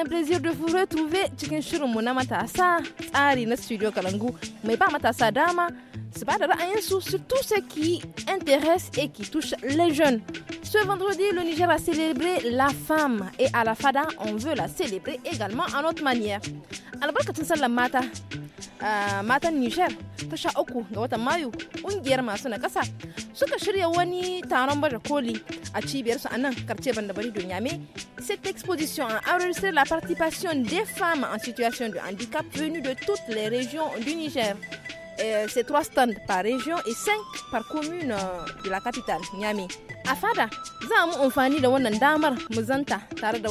un plaisir de vous retrouver cikin Shuru na matasa tsari na studio kalangu mais ba matasa dama su ba da ra'ayinsu sur tout ce qui intéresse et qui touche les jeunes. Ce vendredi, le Niger a célébré la femme et à la FADA, on veut la célébrer également à notre manière. Albarkatun sallan mata, ah, matan niger tasha uku ga watan Mayu ƙungiyar masu na kasa suka shirya wani taron baje koli a cibiyarsu a nan karce Niamey, Cette exposition a enregistré la participation des femmes en situation de handicap venues de toutes les régions du Niger. Euh, c'est trois stands par région et cinq par commune euh, de la capitale, Niamey. A fada, za mu amfani da wannan damar mu zanta tare da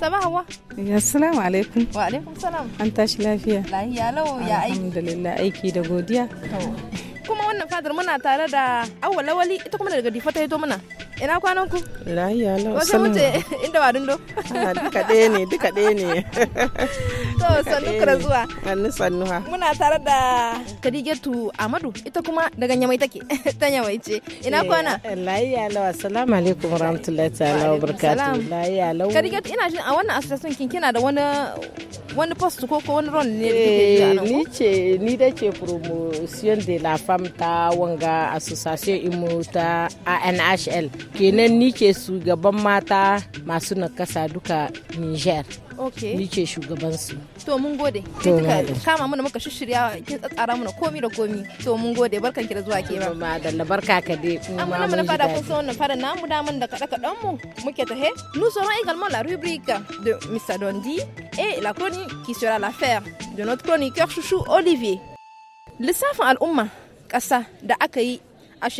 سبا هو يا السلام عليكم وعليكم السلام انت شلافيه لا هي لو يا الحمد لله اي كي دغوديا kuma wannan fadar muna tare da awwa lawali ita kuma daga difa ta hito mana ina kwanan ku lahiya lau wasu mutu inda warin dundo duka ɗaya ne duka ɗaya ne to sannu kura zuwa sannu sannu ha muna tare da kadigatu amadu ita kuma daga nyamai take ta nyamai ce ina eh, kwana eh, lahiya lau assalamu alaikum rahmatullahi ta'ala wa barakatuh lahiya lau kadigatu ina jin a wannan association kin kina da wani wani post ko ko wani ron ne eh, ni ce ni da ce promotion de la femme ta wanga association imu ta anhl kenan ni ke shugaban mata masu nakasa duka niger okay. ni ce shugabansu. To mun gode. To Kama mana muka shishirya kin tsatsara mana komi da komi. To mun gode barkan ki da zuwa ke ba. Ma da barka ka dai. Amma mun fara kun san wannan fara namu daman da kada kadan mu muke ta he nu so serons également la rubrique de Mr Dondi et la chronique qui sera l'affaire de notre chroniqueur chouchou Olivier. Lissafin al'umma ƙasa da aka yi a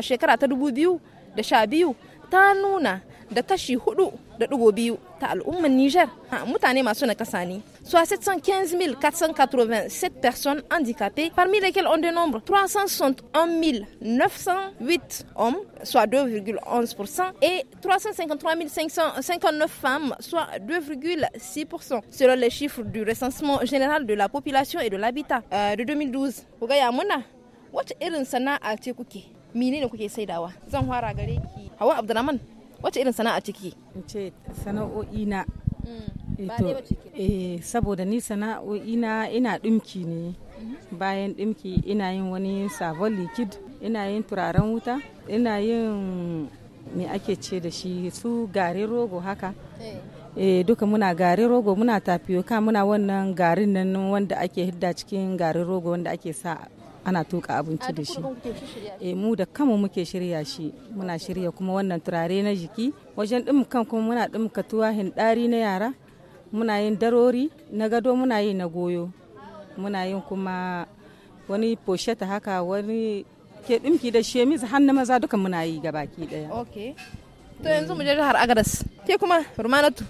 shekara ta 2012 ta nuna da tashi hudu da biyu ta al'ummar mutane masu Soit 715 487 personnes handicapées, parmi lesquelles on dénombre 361 908 hommes, soit 2,11%, et 353 559 femmes, soit 2,6%, selon les chiffres du recensement général de la population et de l'habitat euh, de 2012. irin ce kuke Zan Hawa wace irin sana'a ciki in ce sana'o'i na mm. eh, eh saboda ni sana'o'i na ina ɗumki ne bayan ɗumki ina yin wani sabon likid ina yin turaren wuta ina yin me ake ce da shi su garin rogo haka eh, eh duka muna garin rogo muna tafiyo, tafiyoka muna wannan garin nan wanda ake hidda cikin garin rogo wanda ake sa ana tuka abinci da shi e, mu da kanmu muke shirya shi muna shirya kuma wannan turare na jiki wajen kan kuma muna ɗumka tuwahin ɗari na yara muna yin darori na gado muna yi na goyo muna yin kuma wani posheta haka wani ke ɗumki da shemis har na maza duka muna yi gabaki ɗaya to yanzu mu je jihar agadas ke kuma rumanatu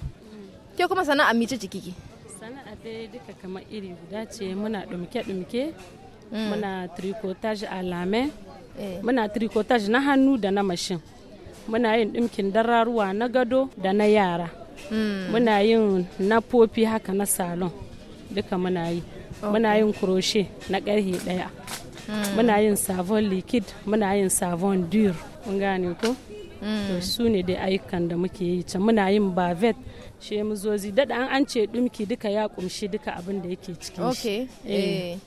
ke kuma sana'a mice ciki sana'a dai duka kamar iri guda ce muna ɗumke-ɗumke Mm. muna tricotage a lame eh. muna tricotage na hannu da na mashin muna yin ɗinkin dararuwa na gado da na yara mm. muna yin na popi haka na salon duka muna yi muna yin crochet na ƙarhe ɗaya mm. muna yin savon liquid muna yin savon dur mun gane ko to su ne dai ayyukan da muke yi can muna yin bavet shemuzozi dada an an ce dumki duka ya kumshi duka abin da yake cikin shi eh. Eh.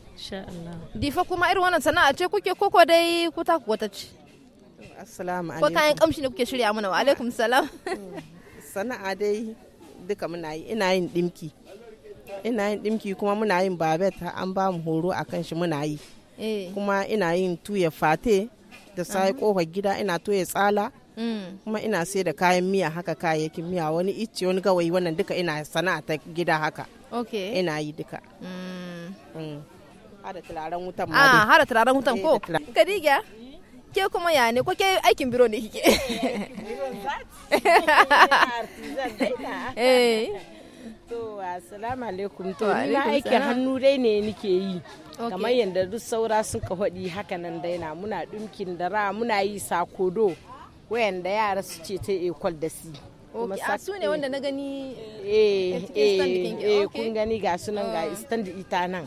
Difa kuma irin wannan sana'a ce kuke koko dai ku ta wata ce. Assalamu alaikum. Ko kayan kamshi ne kuke shirya mana wa alaikum salam. Sana'a dai duka muna yi ina yin dimki. Ina yin dimki kuma muna yin babet an ba mu horo akan shi muna yi. Eh. Kuma ina yin tuya fate da sai kofar gida ina tuya tsala. Mm. kuma ina sai da kayan miya haka kayayyakin miya wani icce wani gawayi wannan duka ina sana'a ta gida haka ina yi duka mm. Mm. Hada turaren wutan ma. Ah, hada turaren wutan eh, ko? Kadiga. Ke kuma ya ne ko ke aikin biro ne kike? Eh. eh. To, assalamu alaikum. To, ni na aikin hannu dai ne nike yi. Kamar yadda duk saura sun ka hodi haka nan dai na muna dumkin dara muna yi sakodo wayanda yara su ce ta ekol da si. Okay. a su ne wanda na gani eh eh, eh kun gani ga sunan ga ah. stand ita nan.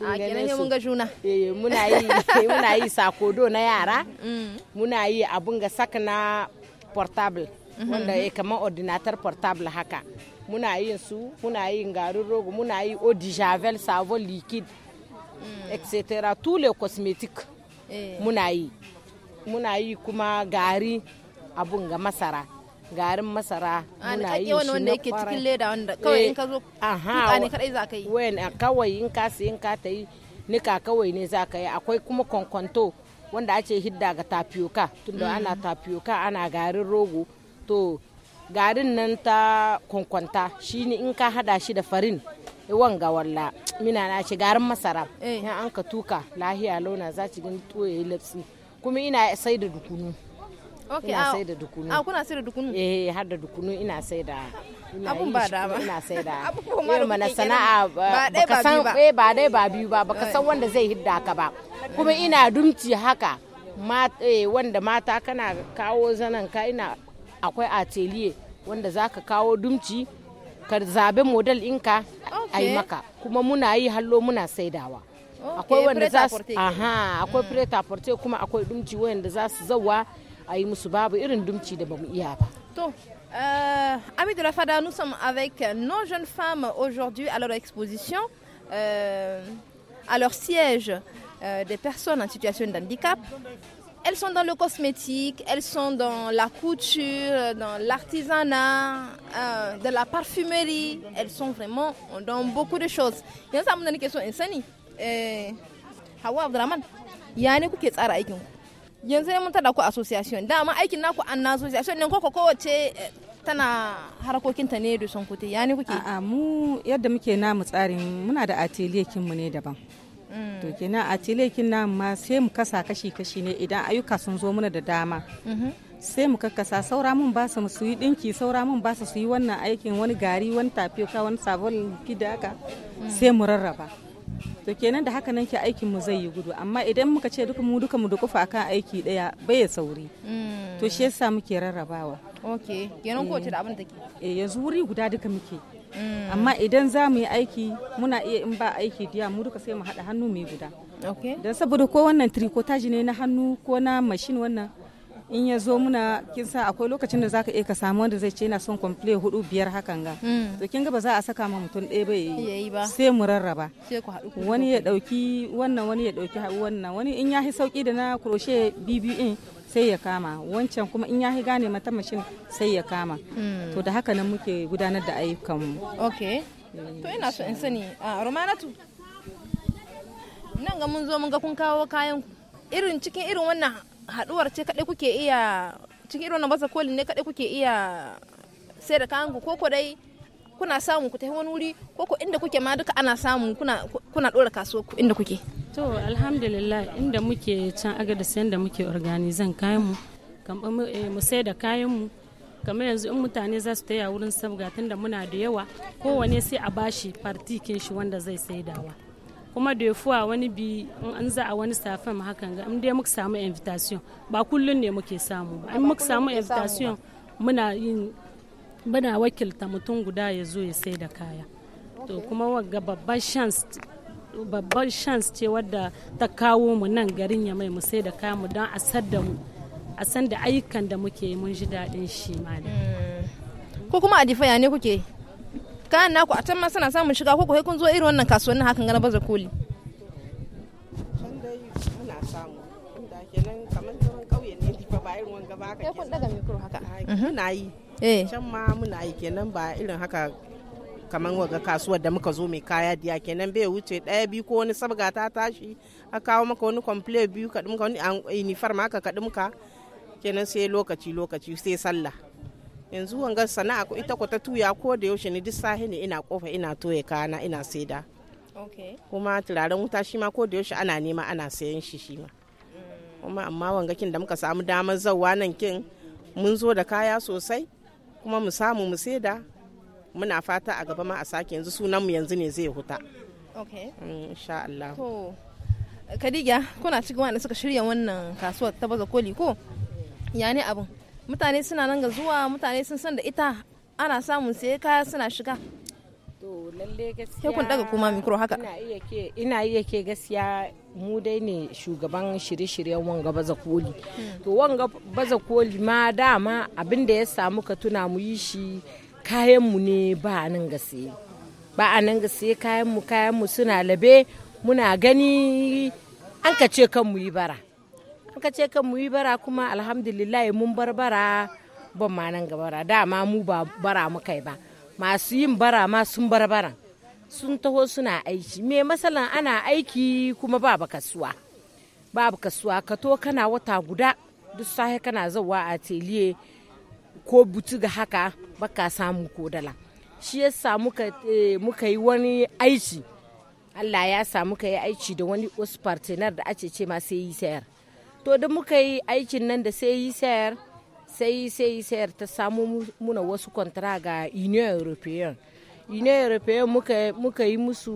a kenan mun ga juna eh, muna yi muna yi sakodo na yara mm. muna yi abun ga saka na portable mhm. wanda ya kamar ordinatar portable haka muna yin su muna yin garin rogo muna yi eau de javel savon liquide mm. etc tous les cosmetiques eh. muna yi muna yi kuma gari abun ga masara garin masara ah, muna yi shi wanda yake cikin leda wanda kawai in ka zo eh, aha ne kadai za ka yi wayan kawai in ka sayin ka ta yi nika kawai ne za ka yi akwai kuma kwankwanto wanda ake hidda ga tapioca tunda mm. ana tapioca ana garin rogo to garin nan ta kwankwanta ne in ka hada shi da farin eh, wanga walla mina na ce garin masara eh. in an ka tuka lahiya launa za ci gani tuwo ya yi kuma ina sai da dukunu Ok ina sai da dukunu. A kuna sai da dukunu? Eh, har da dukunu ina sai da. Abun ba da ba. Ina sai da. Abubuwan ma da sana'a ba dai ba biyu ba. Eh, ba dai ba biyu ba, baka san eh. wanda zai hidda ka ba. Kuma ina dumci haka. Eh, wanda mata kana kawo zanen ka ina akwai atelier wanda zaka kawo dumci ka zabe model ɗinka a yi maka kuma muna yi hallo muna saidawa akwai wanda za su akwai hmm. preta porte kuma akwai dumci wanda za su zawa Euh, amis de la Fada, nous sommes avec nos jeunes femmes aujourd'hui à leur exposition, euh, à leur siège euh, des personnes en situation d'handicap. Elles sont dans le cosmétique, elles sont dans la couture, dans l'artisanat, euh, de la parfumerie. Elles sont vraiment dans beaucoup de choses. Il y a une question, Hawa il y une question yanzu ne mun tada ku association dama aikin naku an na association ne koko kowace eh, tana harkokin ta ne da son kuti ya ne kuke a'a mu yadda muke namu tsarin muna da ateliyekin mu ne daban mm. to kenan kin namu ma sai mu kasa kashi kashi ne idan ayyuka sun zo muna da dama mm-hmm. sai mu kakkasa saura mun ba su su yi dinki saura mun ba su su yi wannan aikin wani gari wani tafiya wani sabon gida haka mm. sai mu rarraba to kenan da haka nan ke aikin mu zai yi gudu amma idan muka ce duka mu duka mu duka akan aiki daya bai ya sauri hmm. to shi yasa muke rarrabawa okay kenan ko da abin take eh yanzu wuri guda duka muke hmm. amma idan za mu yi aiki muna iya in ba aiki diya mu duka sai mu haɗa hannu mu yi guda dan saboda ko wannan trikotaji ne na hannu ko na mashin wannan in ya zo muna kin sa akwai lokacin da zaka iya ka samu wanda zai ce yana son komple hudu biyar hakan ga hmm. to kin ga ba za a saka ma mutum ɗaya bai yi sai mu rarraba wani ya dauki wannan wani ya dauki wannan wani in ya hi sauki da na kuroshe bibiyu in sai ya kama wancan kuma in ya gane mata mashin sai ya kama hmm. to da haka nan muke gudanar da mu okay to ina so in sani a romanatu nan ga mun zo mun ga kun kawo kayan irin cikin irin wannan haduwar ce kadai kuke iya cikin irin baza kolin ne kadai kuke iya sai da kayan ko ko dai kuna samu ku tafi wani wuri ko ko inda kuke ma duka ana samu kuna kuna dora kasuwa ku inda kuke to alhamdulillah inda muke can agada sayan da muke organizan kayan mu eh, mu sai da kayan mu kamar yanzu in mutane za su taya wurin sabga tunda muna da yawa kowane sai a bashi partikin shi wanda zai saidawa kuma da fuwa wani bi an za a wani safin hakan ga dai muka samu invitation ba kullun ne muke samu ba in muka samu invitation muna yin muna wakilta mutum guda ya zo ya sai da kaya to kuma wagga babban chance babbar chance ce wadda ta kawo mu nan garin ya mai mu sai da kaya mu don a da mu a san da ayyukan da muke mun ji daɗin shi malam hmm. ko kuma a difaya ne kuke kayan naku a can ma suna samun shiga ko kai kun zo irin wannan kasuwannin hakan gana baza koli can dai muna samu inda kenan kamar zaman kauye ne ba ba irin wanga ba haka kun daga mikro haka mhm. muna yi eh can ma muna yi kenan ba irin haka kamar waga kasuwar da muka zo mai kaya diya kenan bai wuce daya biyu ko wani sabga ta tashi a kawo maka wani komple biyu ka dumka wani uniform haka ka dumka kenan sai lokaci lokaci sai sallah yanzu wanga sana'a ko ita ko ta tuya ko da yaushe ne duk sahi ne ina kofa ina toye kana ina saida kuma turaren wuta shi ma ko da yaushe ana nema ana sayan shi shi ma kuma amma wanga kin da muka samu damar zauwa nan kin mun zo da kaya sosai kuma mu samu mu saida muna fata a gaba ma a sake yanzu sunan mu yanzu ne zai huta okay mm, insha Allah to Khadija kuna cikin wanda suka shirya wannan kasuwar ta baza koli ko ya ne abin mutane suna nan ga zuwa mutane sun san da ita ana samun sai kaya suna shiga to lalle gaskiya kun daga kuma mikro haka ina iya ke gaskiya mu dai ne shugaban shirye-shiryen wanga baza koli hmm. to wanga baza koli ma dama abin da ya samu ka tuna mu yi shi kayan mu ne ba nan ga sai ba a nan ga sai kayan mu kayan mu suna labe muna gani an ka ce kan mu yi bara Ka ce kan mu yi bara kuma alhamdulillah mun bar bara ban ma nan ga bara dama mu ba bara muka yi ba masu yin bara ma sun bar bara sun taho suna aiki me masalan ana aiki kuma babu kasuwa babu kasuwa ka to kana wata guda duk sahe kana zawa a teliye ko ga haka baka samu ko shi yasa muka eh, muka yi wani aiki Allah ya samu muka yi aiki da wani wasu partner da ake ce ma sai yi sayar to da muka yi aikin nan da sai yi sayar sai sai sayar ta samu muna wasu kwantara ga union european union european muka, muka yi musu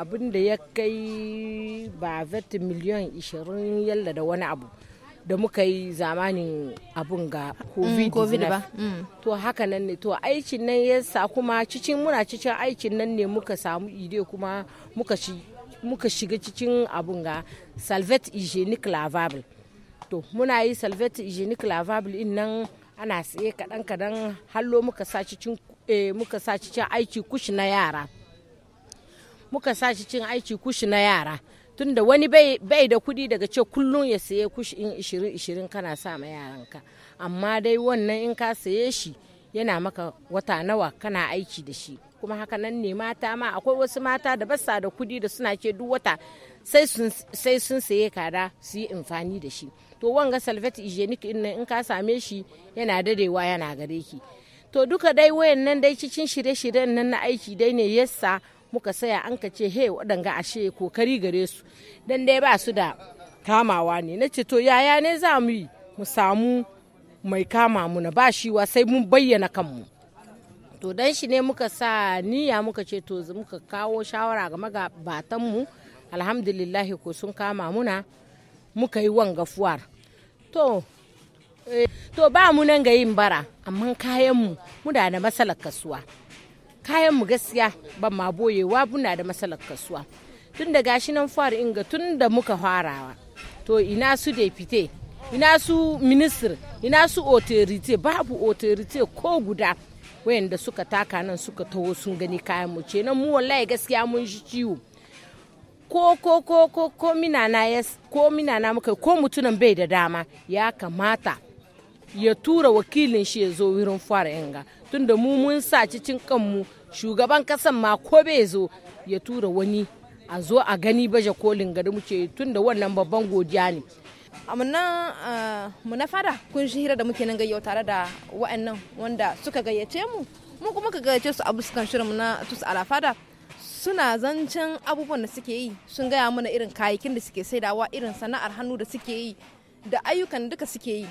abin da ya kai ba vet miliyan 20 yalla da wani abu da muka yi zamanin abun ga mm, covid ba mm. to haka nan ne to aikin nan ya sa kuma cikin muna cikin aikin nan ne muka samu ide kuma muka shiga cikin abun ga salvet hygienic lavable to muna yi salvet hygienic lavable in nan ana tsaye kadan kaɗan hallo muka saci cin eh, muka cin aiki kushi na yara muka cin aiki kushi na yara tunda wani bai da kuɗi daga ce kullum ya saye kushi in ishirin ishirin kana sa ma yaranka amma dai wannan in ka saye shi yana maka wata nawa kana aiki da shi kuma haka nan ne mata ma akwai wasu mata da basa da kuɗi da suna ce duk wata sai sun saye kada su yi amfani da shi to wanga salvet hygienic in in ka same shi yana dadewa yana gare ki to duka dai wayannan nan dai cikin shirye-shiryen nan na aiki dai ne yasa muka saya an ka ce he waɗanga ashe kokari gare su dan dai ba su da kamawa ne na ce to yaya ne za mu yi mu samu mai kama mu na ba wa sai mun bayyana kanmu to dan shi ne muka sa niyya muka ce to muka kawo shawara ga magabatanmu alhamdulillah ko sun kama muna muka yi wanga fuwar to eh, to ba mu nan ga yin bara amma kayanmu muna da matsalar kasuwa kayanmu gaskiya ban ma boyewa muna da matsalar kasuwa tun da gashi nan fuwar inga tun da muka farawa to ina su fite ina su minister ina su authority babu otorite ko guda wayanda suka taka nan suka taho sun gani kayanmu ce nan mu wallahi gaskiya mun shi ciwo ko ko ko ko ko minana ya ko minana muka ko mutunan bai da dama ya kamata ya tura wakilin shi ya zo wurin fara yanga tunda mu mun sa cikin kanmu shugaban kasan ma ko bai zo ya tura wani a zo a gani baje kolin gari muke tunda wannan babban godiya ne amma mu na fara kun shi hira da muke nan gayyau tare da wa'annan wanda suka gayyace mu mu kuma ka gayyace su a buskan shirin na tusa alafada suna zancen abubuwan da suke yi sun gaya mana irin kayakin da suke saidawa irin sana'ar hannu da suke yi da ayyukan duka suke yi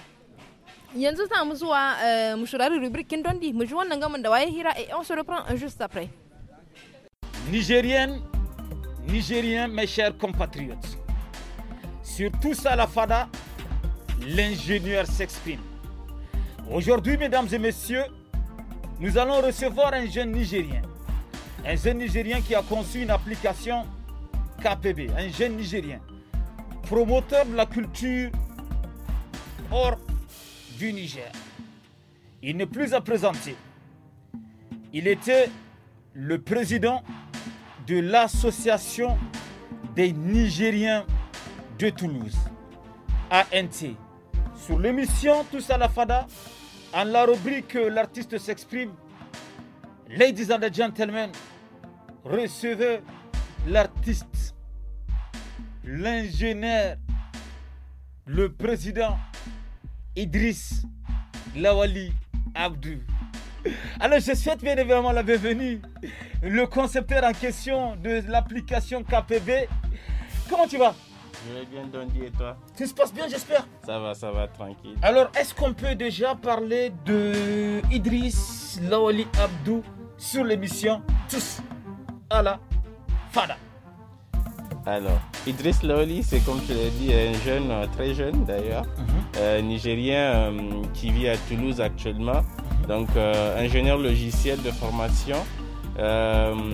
yanzu za mu zuwa eh, mu shirari rubrikin dondi mu ji wannan gamin da waye hira a eh, yan surupran un juste après nigérienne nigérien mes chers compatriotes sur tout ça la fada l'ingénieur s'exprime aujourd'hui mesdames et messieurs nous allons recevoir un jeune nigérien un jeune Nigérien qui a conçu une application KPB, un jeune Nigérien, promoteur de la culture hors du Niger. Il n'est plus à présenter. Il était le président de l'association des Nigériens de Toulouse, ANT. Sur l'émission Tous la Fada, en la rubrique L'artiste s'exprime, Ladies and gentlemen, recevez l'artiste, l'ingénieur, le président Idriss Lawali Abdou. Alors je souhaite bien évidemment la bienvenue. Le concepteur en question de l'application KPB. Comment tu vas Je vais bien Dondi et toi Tout se passe bien j'espère Ça va, ça va, tranquille. Alors est-ce qu'on peut déjà parler de Idriss Lawali Abdou sur l'émission Tous à la Fada. Alors, Idriss Loli, c'est comme je l'ai dit, un jeune, euh, très jeune d'ailleurs, mhm. euh, nigérien euh, qui vit à Toulouse actuellement. Mhm. Donc, ingénieur logiciel de formation,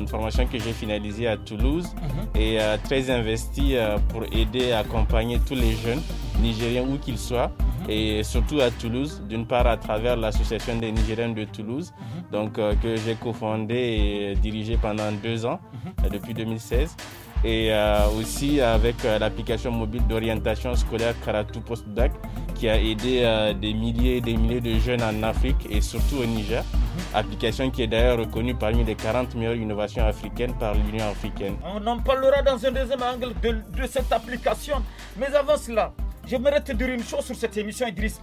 formation que j'ai finalisée à Toulouse mhm. et très investi pour aider, et accompagner tous les jeunes nigériens où qu'ils soient et surtout à Toulouse, d'une part à travers l'association des Nigériens de Toulouse, mhm. donc euh, que j'ai cofondée et dirigée pendant deux ans, mhm. euh, depuis 2016 et euh, aussi avec l'application mobile d'orientation scolaire Karatou Postdoc qui a aidé des milliers et des milliers de jeunes en Afrique et surtout au Niger. Mhm. Application qui est d'ailleurs reconnue parmi les 40 meilleures innovations africaines par l'Union africaine. On en parlera dans un deuxième angle de cette application. Mais avant cela, j'aimerais te dire une chose sur cette émission, Idriss.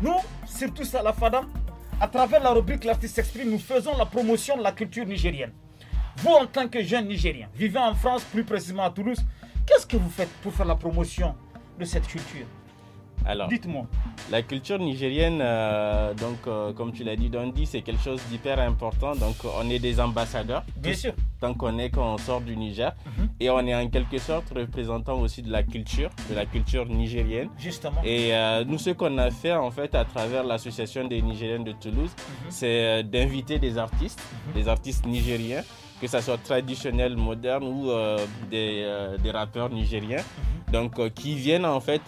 Nous, surtout ça, à travers la rubrique L'artiste s'exprime, nous faisons la promotion de la culture nigérienne. Vous, en tant que jeune Nigérien, vivant en France, plus précisément à Toulouse, qu'est-ce que vous faites pour faire la promotion de cette culture alors, dites-moi. La culture nigérienne, euh, donc, euh, comme tu l'as dit, Dondi, c'est quelque chose d'hyper important. Donc, on est des ambassadeurs. Bien sûr tant qu'on est quand on sort du Niger. Mhm. Et on est en quelque sorte représentant aussi de la culture, de la culture nigérienne. Justement. Et euh, nous, ce qu'on a fait en fait à travers l'association des Nigériens de Toulouse, mhm. c'est euh, d'inviter des artistes, mhm. des artistes nigériens, que ce soit traditionnels, modernes ou euh, des, rappeurs nigériens, donc qui viennent en fait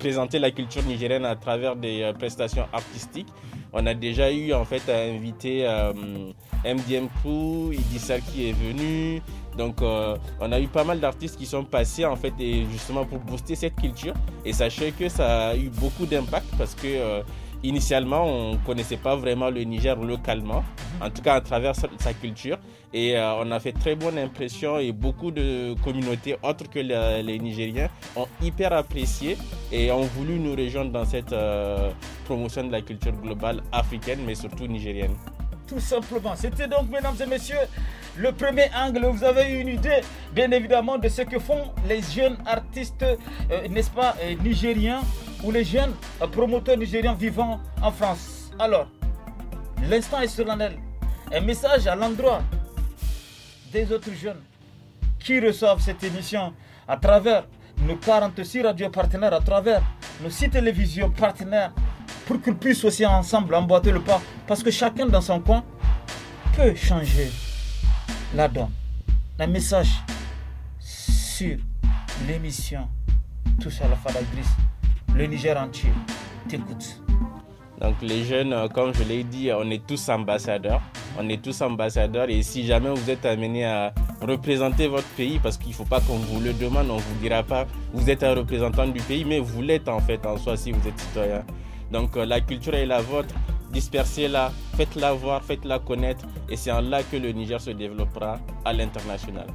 présenter la culture nigérienne à travers des prestations artistiques on a déjà eu en fait à inviter MDM euh, Crew, ça qui est venu. Donc euh, on a eu pas mal d'artistes qui sont passés en fait et justement pour booster cette culture. Et sachez que ça a eu beaucoup d'impact parce que euh, Initialement, on ne connaissait pas vraiment le Niger localement, en tout cas à travers sa culture. Et euh, on a fait très bonne impression et beaucoup de communautés autres que les, Nigériens ont hyper apprécié et ont voulu nous rejoindre dans cette euh, promotion de la culture globale africaine, mais surtout nigérienne. Tout simplement. C'était donc, mesdames et messieurs, le premier angle. Vous avez une idée, bien évidemment, de ce que font les jeunes artistes, euh, n'est-ce pas, nigériens ou les jeunes promoteurs nigériens vivant en France. Alors, l'instant est solennel. Un message à l'endroit des autres jeunes qui reçoivent cette émission à travers nos 46 radios partenaires, à travers nos 6 télévisions partenaires, pour qu'ils puissent aussi ensemble emboîter le pas, parce que chacun dans son coin peut changer la donne. Un message sur l'émission Touche à la la Grise le Niger entier t'écoute. Donc les jeunes, euh, comme je l'ai dit, on est tous ambassadeurs. On est tous ambassadeurs et si jamais vous êtes amené à représenter votre pays, parce qu'il ne faut pas qu'on vous le demande, on ne vous dira pas vous êtes un représentant du pays, mais vous l'êtes en fait en soi si vous êtes citoyen. Donc euh, la culture est la vôtre, dispersez-la, faites-la voir, faites-la connaître et c'est en là que le Niger se développera à l'international.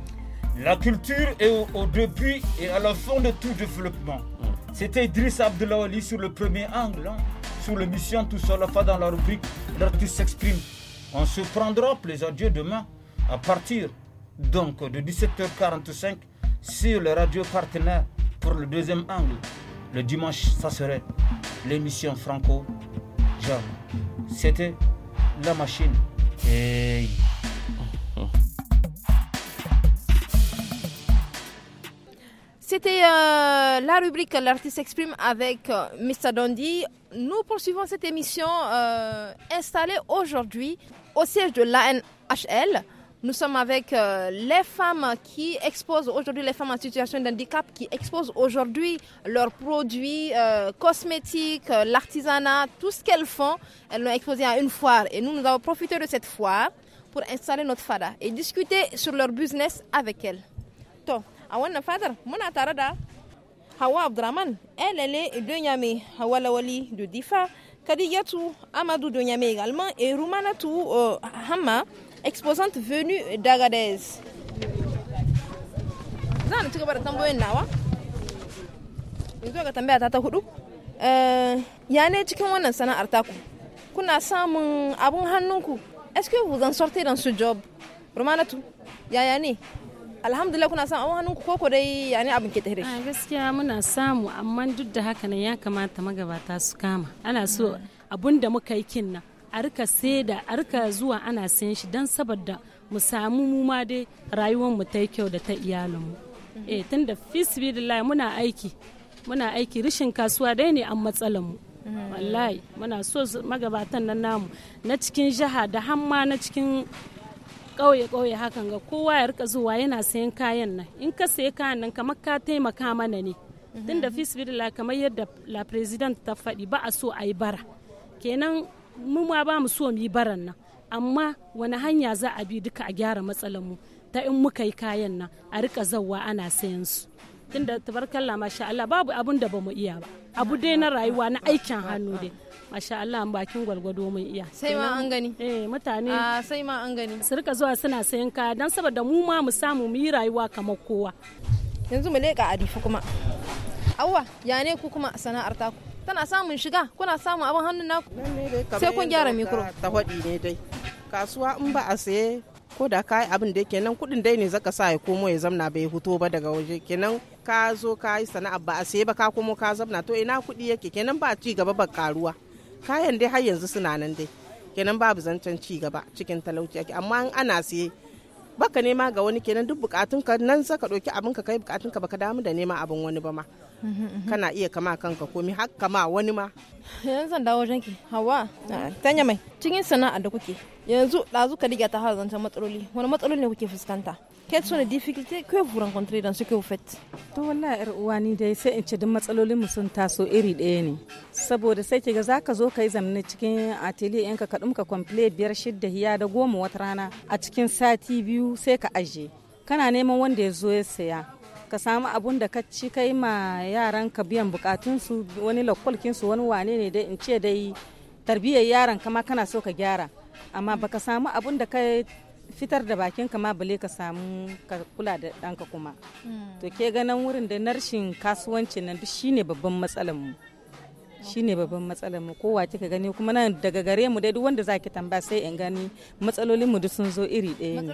La culture est au, début et à la fin de tout développement. C'était Idriss Abdoulaye sur le premier angle, hein. sur l'émission Tout seul dans la rubrique L'artiste s'exprime. On se prendra plaisir adieux demain à partir donc de 17h45 sur le radio partenaire pour le deuxième angle. Le dimanche, ça serait l'émission Franco. Genre, c'était la machine. Hey. C'était euh, la rubrique L'artiste s'exprime avec euh, Mr. Dondi. Nous poursuivons cette émission euh, installée aujourd'hui au siège de l'ANHL. Nous sommes avec les femmes qui exposent aujourd'hui, les femmes en situation de handicap qui exposent aujourd'hui leurs produits cosmétiques, l'artisanat, tout ce qu'elles font. Elles l'ont exposé à une foire et nous, nous avons profité de cette foire pour installer notre fada et discuter sur leur business avec elles. Donc, a wannan fadar muna tare da Hawa Abdurrahman, LLA de Niamey, Hawa Lawali de Difa, Kadiyatou Amadou de également et Roumanatou euh, Hama, exposante venue dagades Za mu ci gaba da tambayoyin nawa. Yanzu ga tambaya ta ta hudu. Euh, ya ne cikin wannan sana'ar taku? Kuna samun abun hannunku? Est-ce que vous en sortez dans ce job? ya yaya ne? alhamdulillah kuna samu hannun ku koko dai ya abin ke tare a gaskiya muna samu amma duk da haka nan ya kamata magabata su kama ana so mm. abun da muka yi kin nan a rika saida a rika zuwa ana sayan shi don saboda mu samu mu ma dai rayuwar mu ta kyau da ta iyalin mu mm-hmm. eh tunda fisbilillah muna aiki muna aiki rishin kasuwa dai ne an matsalar mu mm-hmm. wallahi muna so magabatan nan namu na cikin jiha da hamma na cikin ƙauye-ƙauye hakan ga kowa ya rika zuwa yana sayan kayan nan in ka sayi kayan nan kamar ka taimaka mana ne tun da mhm. fisbirila kamar yadda la president ta faɗi ba a so a yi bara kenan mu ma ba mu so mu yi baran nan amma wani hanya za a bi duka a gyara matsalar mu ta in muka yi kayan nan a rika zawa ana sayan su tunda tabarkalla masha Allah babu abun da bamu iya ba abu dai na rayuwa na aikin hannu dai masha Allah an bakin gwalgwado mun iya sai ma an gani eh mutane ah, sai ma an gani su rika zuwa suna sayan kaya dan saboda mu ma mu samu mu yi rayuwa kamar kowa yanzu mu leka adifu kuma awwa ya ne ku kuma sana'ar taku tana samun shiga kuna samun abin hannun naku sai kun gyara mikro ta hodi ne dai kasuwa in ba a saye ko da kai abin da kenan kudin dai ne zaka sa ya komo ya zamna bai huto ba daga waje kenan ka zo ka yi sana'a ba a saye ba ka kuma ka zamna to ina kuɗi yake kenan ba ci gaba ba karuwa kayan dai har yanzu suna nan dai kenan babu zancen ci gaba cikin talauci yake amma ana saye baka nema ga wani kenan duk bukatun ka nan saka ɗauki abin ka kai bukatun ka baka damu da nema abin wani ba ma kana iya kama kanka komi har kama wani ma yanzu zan dawo wajen ki hawa ah. tanya mai cikin sana'a da kuke yanzu ɗazu ka riga ta har matsaloli wani matsaloli ne kuke fuskanta kai sont difficulty difficultés que vous rencontrez dans ce que vous faites to wallahi yar uwa ni dai sai in ce duk matsalolin mu sun taso iri ɗaya ne saboda sai kiga zaka zo kai zamne cikin atelier ɗinka ka dumka complete biyar shidda hiya da goma wata rana a cikin sati biyu sai ka aje kana neman wanda ya zo ya saya ka samu abun da ka ci kai ma yaran ka biyan bukatunsu wani su wani wane ne dai in ce dai tarbiyyar yaran kama kana so ka gyara amma baka samu abun da ka fitar da bakin ka ma bale ka samu ka kula da danka kuma hmm. to ke ganin wurin da narshin kasuwancin nan duk shine babban matsalar mu shine babban matsalar mu kowa kika gani kuma nan daga gare mu dai duk wanda zaki tambaya sai in gani matsalolin mu duk sun zo iri ɗaya ne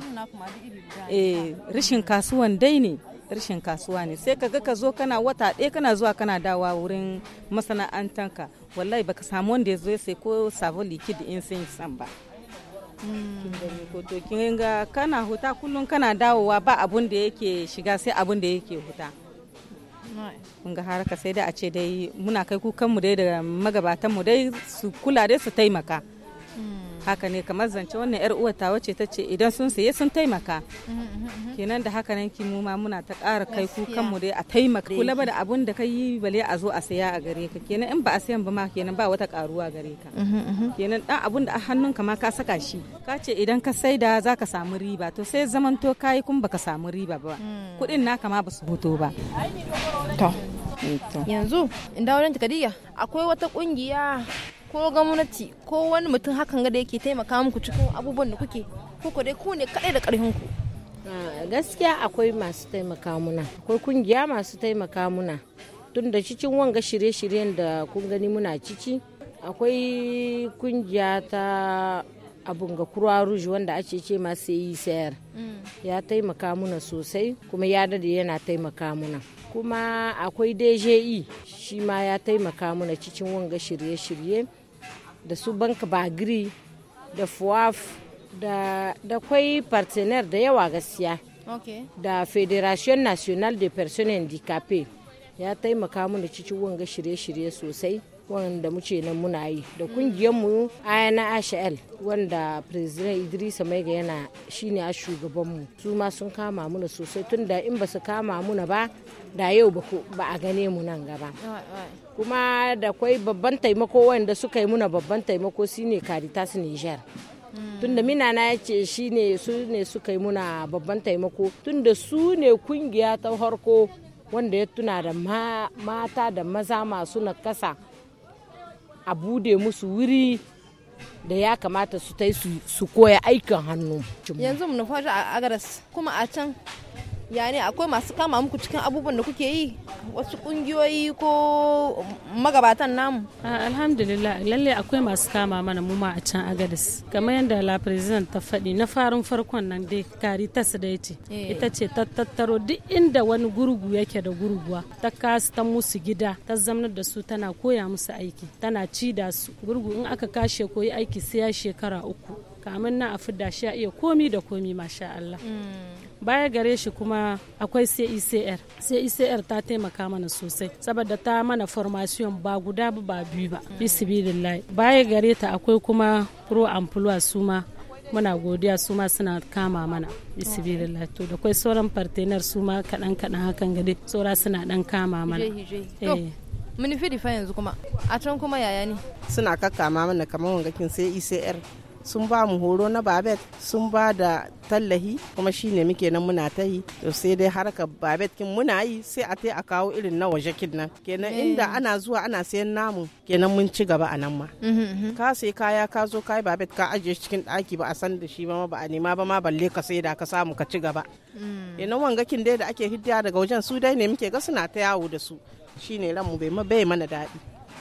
eh rashin kasuwan dai ne rashin kasuwa ne sai ka ga ka zo kana wata ɗaya kana zuwa kana dawa wurin masana'antanka wallahi baka samu wanda ya zo ya sai ko sabo likid in sun san ba hmm. kin ga kana huta kullum kana dawowa ba abun da yake shiga sai abun da yake huta kun ga haraka sai dai a ce dai muna kai kukan mu dai da magabatan mu dai su kula dai su taimaka haka ne kamar zance wannan yar uwar ta wace ta ce idan sun saye sun taimaka kenan da haka nan mu ma muna ta ƙara kai kukan mu dai a taimaka kula laba da abun da kai yi bale a zo a saya a gare ka kenan in ba a sayan ba ma kenan ba wata karuwa gare ka kenan dan abun da a hannun ka ma ka saka shi ka ce idan ka saida za ka samu riba to sai to kai kun baka samu riba ba hmm. kuɗin naka ma ba su hoto ba yanzu in wurin nan takadiyya akwai wata kungiya ko gwamnati ko wani mutum hakan ga da yake taimaka muku cikin abubuwan da kuke ko dai ku ne kadai da karfin ku ah, gaskiya akwai masu taimaka muna akwai kungiya masu taimaka muna tun da cikin wanga shirye-shiryen da kun gani muna ciki akwai kungiya ta abun ga kurwa rouge wanda ake ce masu yi sayar mm. ya taimaka muna sosai kuma ya dade yana taimaka muna kuma akwai dje shi ma ya taimaka muna cikin wanga shirye-shirye da su banka bagiri da fuwaf da kwai partenaire da yawa gaskiya da federation national de personnes handicapées ya taimaka da cikin wanga shirye-shirye sosai wanda muke nan muna yi da kungiyarmu ayana ashal wanda president idrisa maiga yana shine a shugabanmu su ma sun kama muna sosai tun da in ba su kama muna ba da yau ba a gane mu nan gaba kuma da kwai babban taimako wanda suka yi muna babban taimako shine caritas niger hmm. tunda mina na ya ce shi ne su ne suka yi muna babban taimako tunda su ne kungiya ta harko wanda ya tuna da mata da maza masu nakasa a bude musu wuri da ya kamata su tai su koya aikin hannu yanzu mu nufa a agaras kuma a can ya akwai masu kama muku cikin abubuwan da kuke yi wasu kungiyoyi ko magabatan namu alhamdulillah lalle akwai masu kama mana mu ma a can agadis kamar yadda la president ta faɗi na farin farkon nan dai karitas da ce eh. ita ce ta tattaro duk inda wani gurgu yake da gurguwa ta kasu ta musu gida ta zamnar da su tana koya musu aiki tana ci da su gurgu in aka kashe koyi aiki sai ya shekara uku kamin na a fidda shi a iya komi da komi masha Allah. Mm. baya gare shi kuma akwai CICR e CICR e ta taimaka mana sosai saboda ta mana formation ba guda ba biyu ba bisibidillah baya gare ta akwai kuma pro amplua suma muna godiya su ma suna kama mana bisibirila to da kwai sauran partenar su ma kaɗan kaɗan hakan gade saura suna ɗan kama mana eh. mun fi difa yanzu kuma a can kuma yaya ne suna kakkama mana kamar kin sai icr e sun ba mu horo na babet sun ba da tallahi kuma shine muke nan muna ta yi to sai dai haraka babet kin muna yi sai a tai a kawo irin na waje kin nan kenan eh. inda ana zuwa ana sayan namu kenan mun ci gaba a nan ma mhm, mhm. ka sai kaya ka zo kai babet ka shi cikin daki ba a san da shi ba ba a nema ba ma balle ka sai da ka samu ka ci gaba mm. kenan kin dai da ake hidda daga wajen su dai ne muke ga suna ta yawo da su Shi ran ranmu bai mana daɗi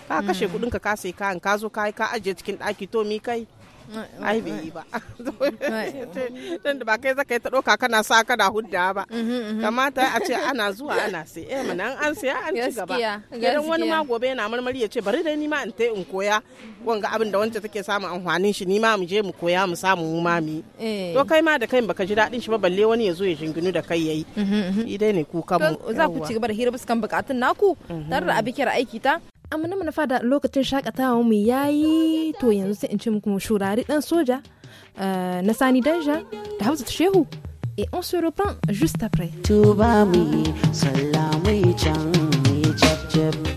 ka kashe mm. kudin ka ka sai kayan ka zo kai ka aje cikin daki to mi kai ai bai yi ba tunda ba kai zaka yi ta ɗauka kana sa kana hudda ba kamata a ce ana zuwa ana sai eh mana an siya an ci gaba idan wani ma gobe yana marmari ya ce bari dai ni ma in ta in koya wanga abin da wancan take samu amfanin shi ni ma mu je mu koya mu samu mu mami eh. to kai ma da kai baka ji daɗin shi ba balle wani ya zo ya jinginu da kai yayi idai ne kuka mu za ku ci gaba da hira buskan bukatun naku tare da aiki ta amma na manufa da lokacin shakatawa mu yayi to yanzu sai in ce muku shurari dan soja eh, na sani danja da hausa shehu et on se reprend juste après. Tuba mi, salamai can, mi chap chap.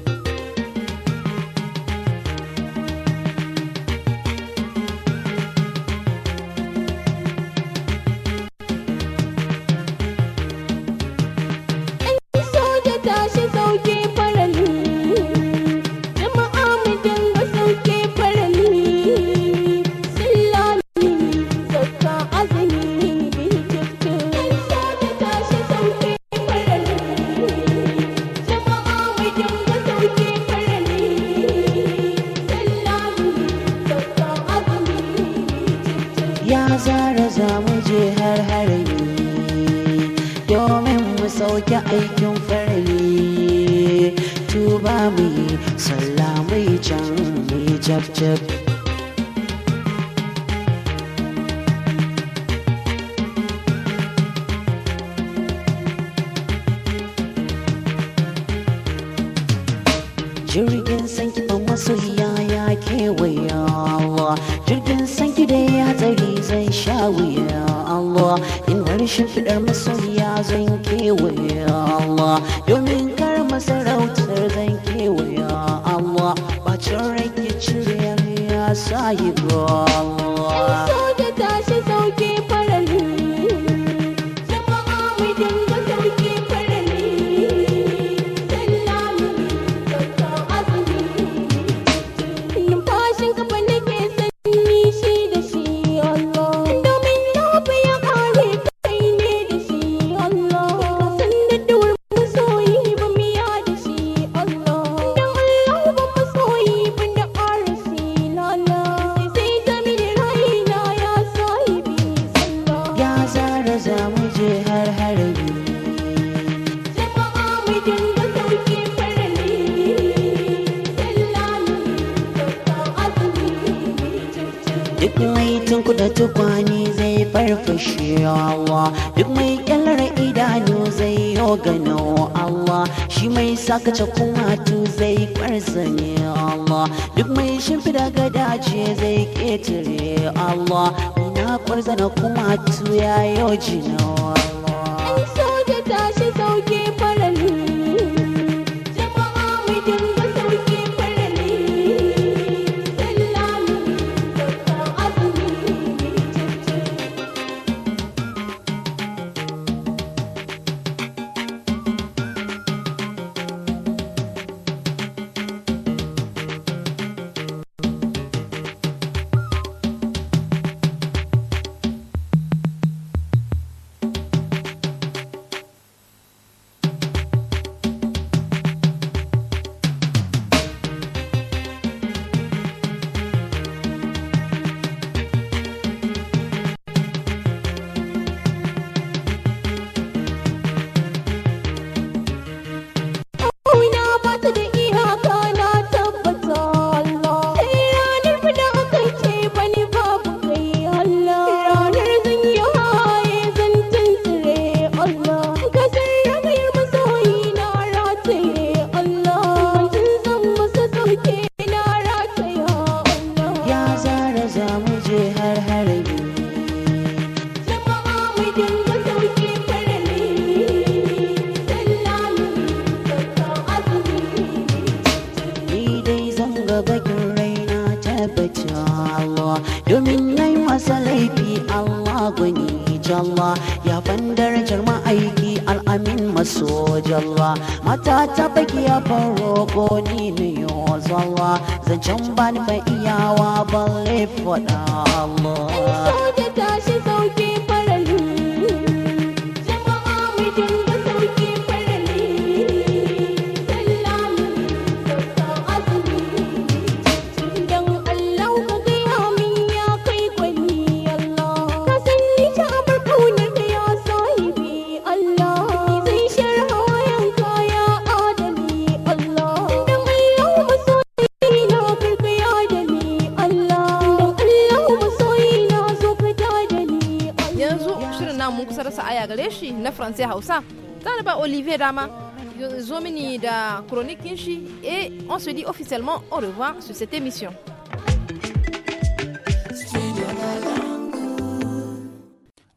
ki da ya tsare zan sha wuya Allah in har shimfiɗar masoya zan kewaye Allah domin kar masarautar zan kewaye Allah bacin rai ki cire ya sa yi Allah gano Allah shi mai sakace kumatu zai kwarza ne Allah duk mai shimfida gadace zai ketare Allah ina kwarza na kumatu ya yau jino Allah. Ai tashi sauke fara 对。olivier dama chronique et on se dit officiellement au revoir sur cette émission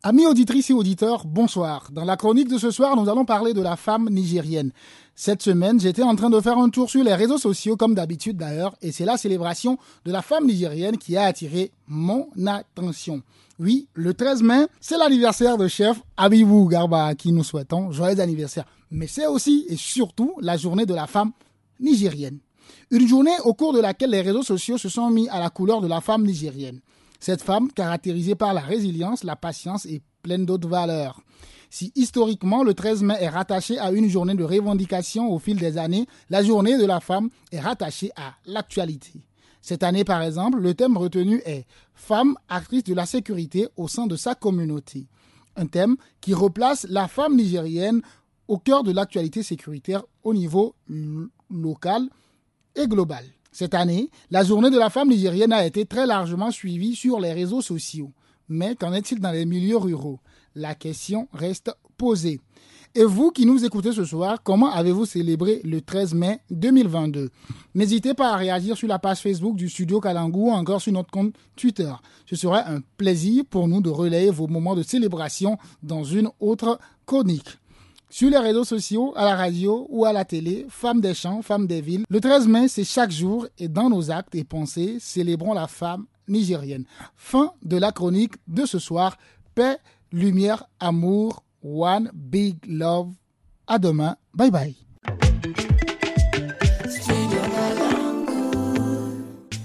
Amis auditrices et auditeurs, bonsoir. Dans la chronique de ce soir, nous allons parler de la femme nigérienne. Cette semaine, j'étais en train de faire un tour sur les réseaux sociaux, comme d'habitude d'ailleurs, et c'est la célébration de la femme nigérienne qui a attiré mon attention. Oui, le 13 mai, c'est l'anniversaire de chef Abibou Garba à qui nous souhaitons joyeux anniversaire. Mais c'est aussi et surtout la journée de la femme nigérienne. Une journée au cours de laquelle les réseaux sociaux se sont mis à la couleur de la femme nigérienne. Cette femme caractérisée par la résilience, la patience et pleine d'autres valeurs. Si historiquement le 13 mai est rattaché à une journée de revendication au fil des années, la journée de la femme est rattachée à l'actualité. Cette année, par exemple, le thème retenu est Femme actrice de la sécurité au sein de sa communauté. Un thème qui replace la femme nigérienne au cœur de l'actualité sécuritaire au niveau local et global. Cette année, la journée de la femme nigérienne a été très largement suivie sur les réseaux sociaux. Mais qu'en est-il dans les milieux ruraux La question reste posée. Et vous qui nous écoutez ce soir, comment avez-vous célébré le 13 mai 2022 N'hésitez pas à réagir sur la page Facebook du studio Kalangou ou encore sur notre compte Twitter. Ce serait un plaisir pour nous de relayer vos moments de célébration dans une autre chronique sur les réseaux sociaux, à la radio ou à la télé, femmes des champs, femmes des villes. Le 13 mai, c'est chaque jour et dans nos actes et pensées, célébrons la femme nigérienne. Fin de la chronique de ce soir. Paix, lumière, amour, One Big Love. À demain. Bye bye.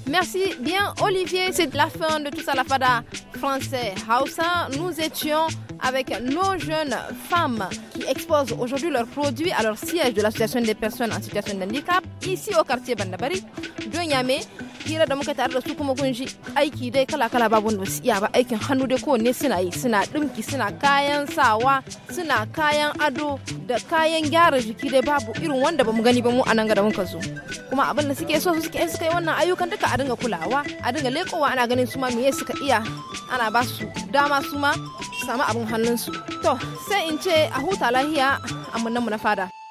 Merci bien Olivier, c'est la fin de tout ça la fada français Hausa. Hein. Nous étions avec nos jeunes femmes qui exposent aujourd'hui leurs produits à leur siège de l'association des personnes en situation de handicap ici au quartier Bandabari de Niamey. Kira da muka tare da su kuma kun ji aiki dai kala-kala babu wanda su iya ba aikin hannu dai kowanne suna yi suna ɗinki suna kayan sawa suna kayan ado da kayan gyara jiki dai babu irin wanda bamu gani ba mu a nan ga da muka zo kuma abin da suke so su suke suka yi wannan ayyukan duka a dinga kulawa a dinga lekowa ana ganin su ma me suka iya ana ba su dama su ma su samu abin hannunsu to sai in ce a huta lahiya a mu na fada.